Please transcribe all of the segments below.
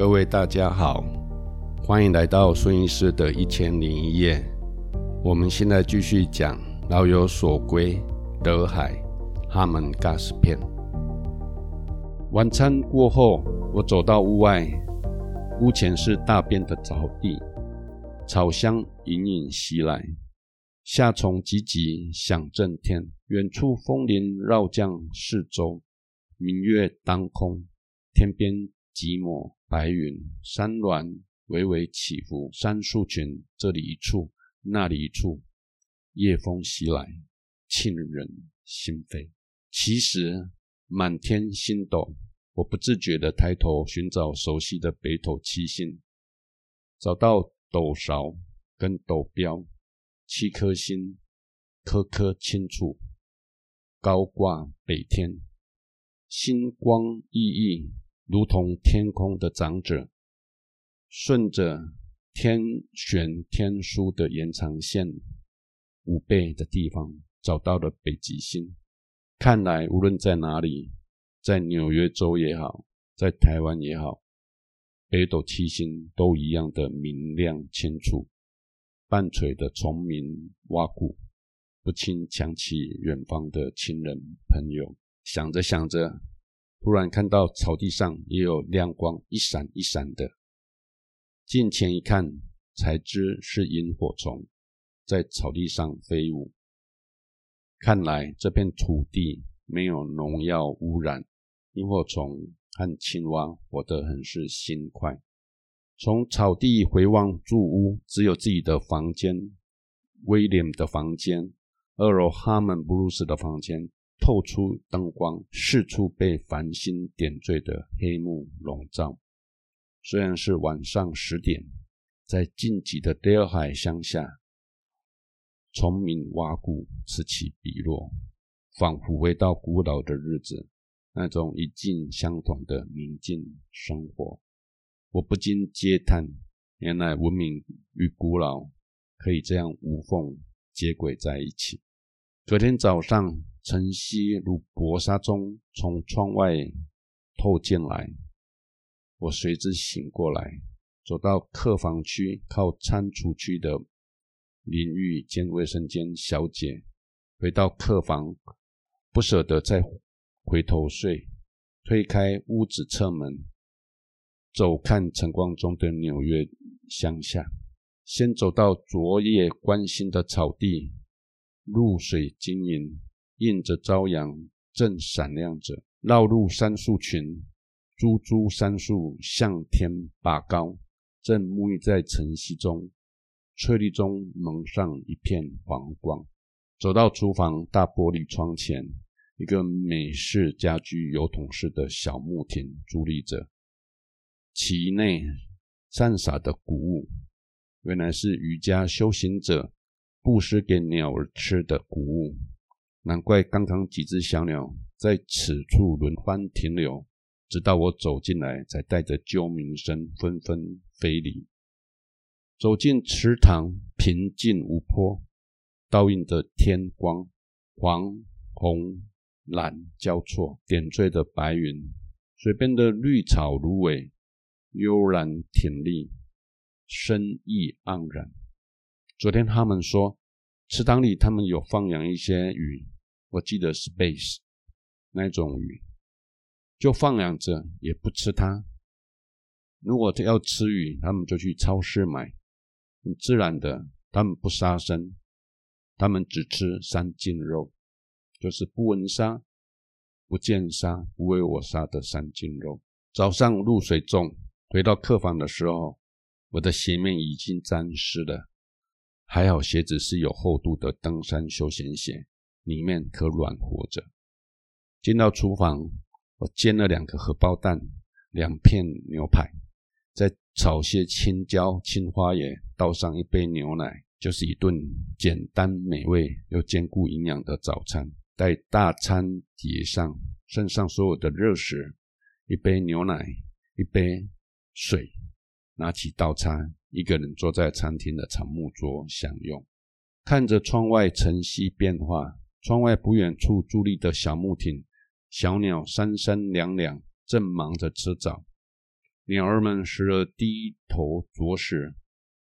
各位大家好，歡迎來到孫醫師的一千零一夜。我們現在繼續講《老有所歸》德亥，哈門尬斯篇。晚餐過後，我走到屋外，屋前是大片的草地，草香隱隱襲來，夏蟲急急響震天，遠處楓林繞降四周，明月當空，天邊，幾抹白雲，山巒微微起伏，山樹群這裡一處，那裡一處。夜風襲來，沁人心扉。其實滿天星斗，我不自覺地抬頭尋找熟悉的北斗七星，找到斗勺跟斗標，七顆星，顆顆清楚，高掛北天，星光熠熠。如同天空的長者，順着天璇天樞的延長線五倍的地方，找到了北極星。看來無論在哪裡，在紐約州也好，在台灣也好，北斗七星都一樣的明亮清楚。伴隨的蟲鳴蛙鼓，不禁想起遠方的親人朋友。想着想着。突然看到草地上也有亮光一閃一閃的，近前一看，才知是螢火蟲在草地上飛舞。看來這片土地沒有農藥污染，螢火蟲和青蛙活得很是欣快。從草地回望住屋，只有自己的房間，威廉的房間，二樓哈門布魯斯的房間透出燈光，四處被繁星點綴的黑幕籠罩。雖然是晚上十點，在靜寂的德亥鄉下，蟲鳴蛙鼓此起彼落，仿佛回到古老的日子，那種一徑相同的寧靜生活。我不禁嗟嘆，原來文明與古老可以這樣無縫接軌在一起。隔天早上。晨曦如薄紗中從窗外透進來，我隨之醒過來，走到客房區靠餐廚區的淋浴間衛生間。小姐，回到客房，不捨得再回頭睡，推開屋子側門，走看晨光中的紐約鄉下。先走到昨夜觀星的草地，露水晶瑩。映着朝陽，正閃亮着。繞路杉樹群，株株杉樹向天拔高，正沐浴在晨曦中，翠綠中蒙上一片黃光。走到廚房大玻璃窗前，一個美式家居油桶式的小木亭佇立着，其內散灑的谷物，原來是瑜伽修行者布施給鳥兒吃的谷物。難怪剛剛幾隻小鳥在此處輪番停留，直到我走進來，才帶着啾鳴聲紛紛飛離。走進池塘，平靜無波，倒映着天光，黃、紅、藍交錯，點綴着白雲。水邊的綠草、蘆葦悠然挺立，生意盎然。昨天他們說，池塘裡他們有放養一些魚。我記得是 bass 那種魚，就放養着也不吃它。如果要吃魚，他們就去超市買。很自然的，他們不殺生，他們只吃三淨肉，就是不聞殺、不見殺、不為我殺的三淨肉。早上露水重，回到客房的時候，我的鞋面已經沾濕了，還好鞋子是有厚度的登山休閒鞋。裡面可暖和着。進到廚房，我煎了兩個荷包蛋，兩片牛排，再炒些青椒、青花椰，倒上一杯牛奶，就是一頓簡單美味又兼顧營養的早餐。在大餐碟上盛上所有的熱食，一杯牛奶，一杯水，拿起刀叉，一個人坐在餐廳的長木桌享用，看着窗外晨曦變化。窗外不遠處，佇立的小木亭，小鳥三三兩兩，正忙着吃早。鳥兒們時而低頭啄食，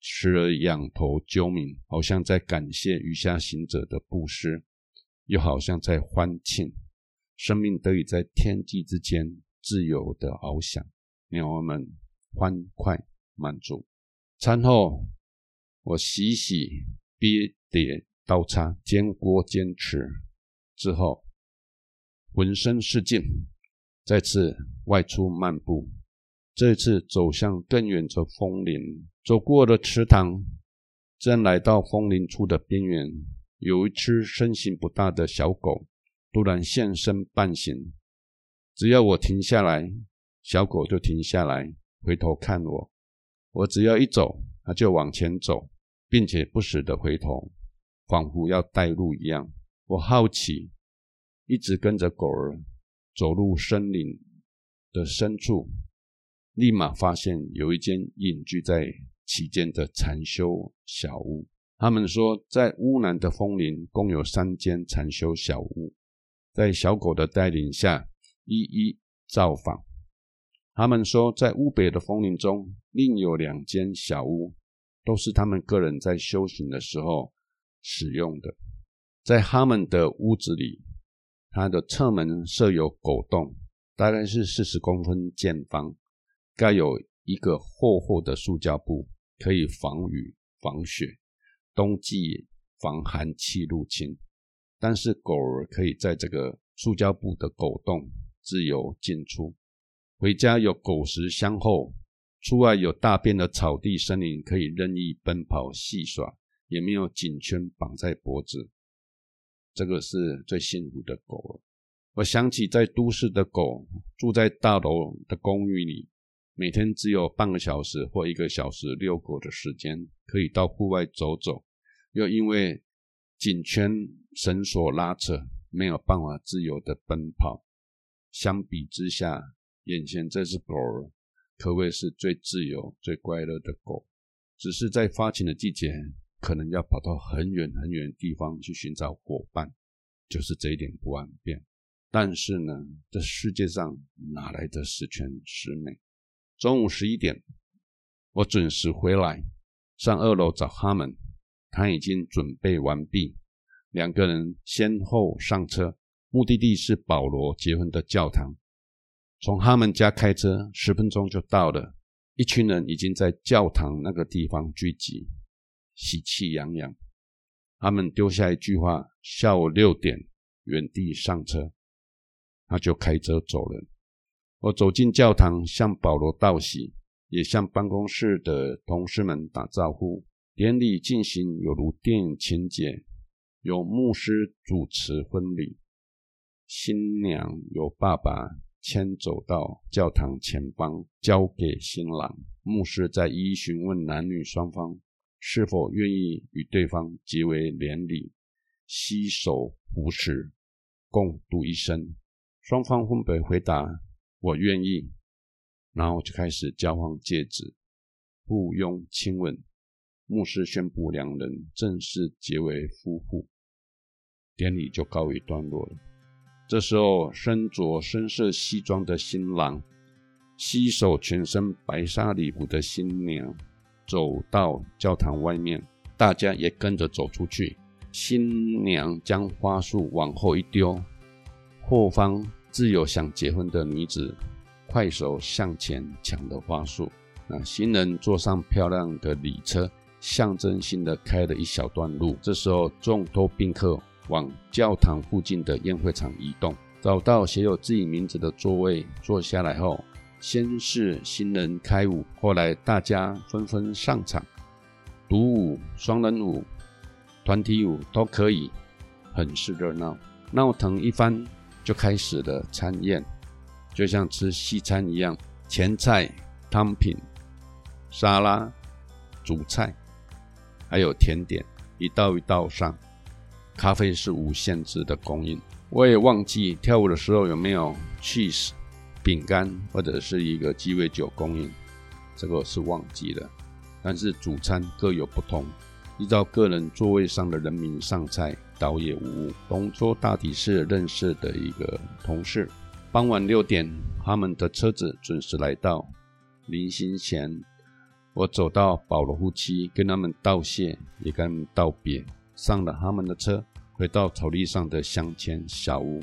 時而仰頭啾鳴，好像在感謝余下行者的布施，又好像在歡慶生命得以在天際之間自由地翱翔。鳥兒們歡快滿足。餐後，我洗洗杯碟。刀叉、煎鍋煎、煎匙之後，渾身是勁，再次外出漫步。這次走向更遠的楓林，走過了池塘，正來到楓林處的邊緣，有一隻身形不大的小狗突然現身伴行。只要我停下來，小狗就停下來回頭看我；我只要一走，它就往前走，並且不時地回頭。仿佛要帶路一樣，我好奇，一直跟着狗兒走入森林的深處，立馬發現有一間隱居在其間的禪修小屋。他們說，在屋南的楓林共有三間禪修小屋，在小狗的帶領下一一造訪。他們說，在屋北的楓林中另有兩間小屋，都是他們個人在修行的時候使用的。在他們的屋子裡，他的側門設有狗洞，大概是四十公分見方，蓋有一個厚厚的塑膠布，可以防雨、防雪，冬季防寒氣入侵。但是狗兒可以在這個塑膠布的狗洞自由進出，回家有狗食相候，出外有大片的草地、森林可以任意奔跑戲耍。也沒有頸圈綁在脖子，這個是最幸福的狗了。我想起在都市的狗，住在大樓的公寓裡，每天只有半個小時或一個小時遛狗的時間，可以到戶外走走，又因為頸圈繩索拉扯，沒有辦法自由的奔跑。相比之下，眼前這隻狗可謂是最自由、最快樂的狗。只是在發情的季節。可能要跑到很遠很遠的地方去尋找伙伴，就是這一點不安定，但是呢，這世界上哪來的十全十美？中午十一點，我準時回來，上二樓找哈門，他已經準備完畢。兩個人先後上車，目的地是保羅結婚的教堂。從哈門家開車十分鐘就到了，一群人已經在教堂那個地方聚集。喜氣洋洋，他們丟下一句話：“下午六點，原地上車。”他就開車走了。我走進教堂，向保羅道喜，也向辦公室的同事們打招呼。典禮進行有如電影情節，由牧師主持婚禮，新娘由爸爸牽走到教堂前方，交給新郎。牧師在一一詢問男女雙方。是否願意與對方結為連理，攜手扶持，共度一生？雙方分別回答：“我願意。”然後就開始交換戒指，不擁親吻。牧師宣布兩人正式結為夫婦，典禮就告一段落了。這時候，身着深色西裝的新郎，攜手全身白紗禮服的新娘。走到教堂外面，大家也跟着走出去。新娘將花束往後一丟，後方自有想結婚的女子快手向前搶的花束。啊，新人坐上漂亮的禮車，象徵性的開了一小段路。這時候，眾多賓客往教堂附近的宴會場移動，找到寫有自己名字的座位坐下來後。先是新人開舞，後來大家紛紛上場，獨舞、雙人舞、團體舞都可以，很是熱鬧。鬧騰一番，就開始了餐宴，就像吃西餐一樣，前菜、湯品、沙拉、主菜，還有甜點，一道一道上。咖啡是無限制的供應，我也忘記跳舞的時候有沒有 cheese。餅乾或者是一個雞尾酒供應，這個是忘記了。但是主餐各有不同，依照個人座位上的人名上菜，倒也無誤。同桌大抵是認識的一個同事。傍晚六點，他們的車子準時來到。臨行前，我走到保羅夫妻跟他們道謝，也跟他們道別。上了他們的車，回到草地上的鄉間小屋。